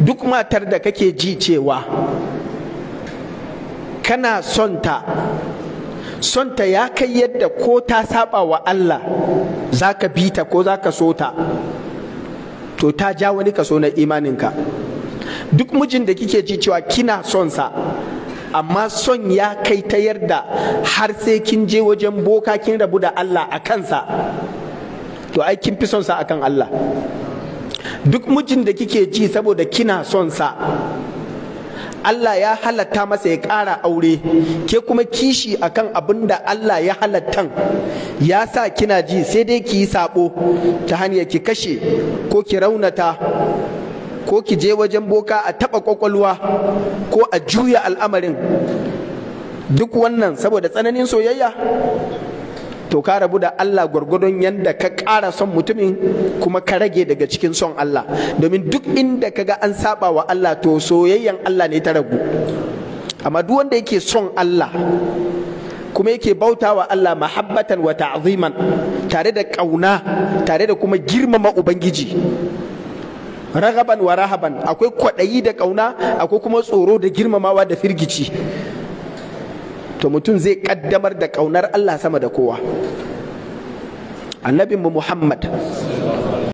duk matar da kake ji cewa kana son ta son ta ya kai yadda ko ta saba wa Allah za ka bi ta ko za ka so ta to ta ja wani kaso na imaninka duk mijin da kike ji cewa kina son sa amma son ya kai ta yarda har sai kin je wajen boka kin rabu da Allah a kansa to ai kin fi son sa akan Allah duk mijin da kike ji saboda kina son sa Allah ya halatta masa ya ƙara aure ke kuma kishi akan abin da Allah ya halattan ya sa kina ji sai dai ki yi sabo ta hanyar ki kashe ko ki raunata ko ki je wajen boka a taɓa ƙwaƙwalwa ko a juya al'amarin duk wannan saboda tsananin soyayya to ka rabu da Allah gwargwadon yanda ka ƙara son mutumin kuma ka rage daga cikin son Allah domin duk inda ka ga an saba wa Allah to soyayyan Allah ne ta ragu amma duk wanda yake son Allah kuma yake bauta wa Allah mahabbatan wa ta'ziman tare da ƙauna tare da kuma girmama ubangiji ragaban wa rahaban akwai kwaɗayi da ƙauna akwai kuma tsoro da girmamawa da firgici to mutum zai kaddamar da ƙaunar Allah sama da kowa annabinmu Muhammad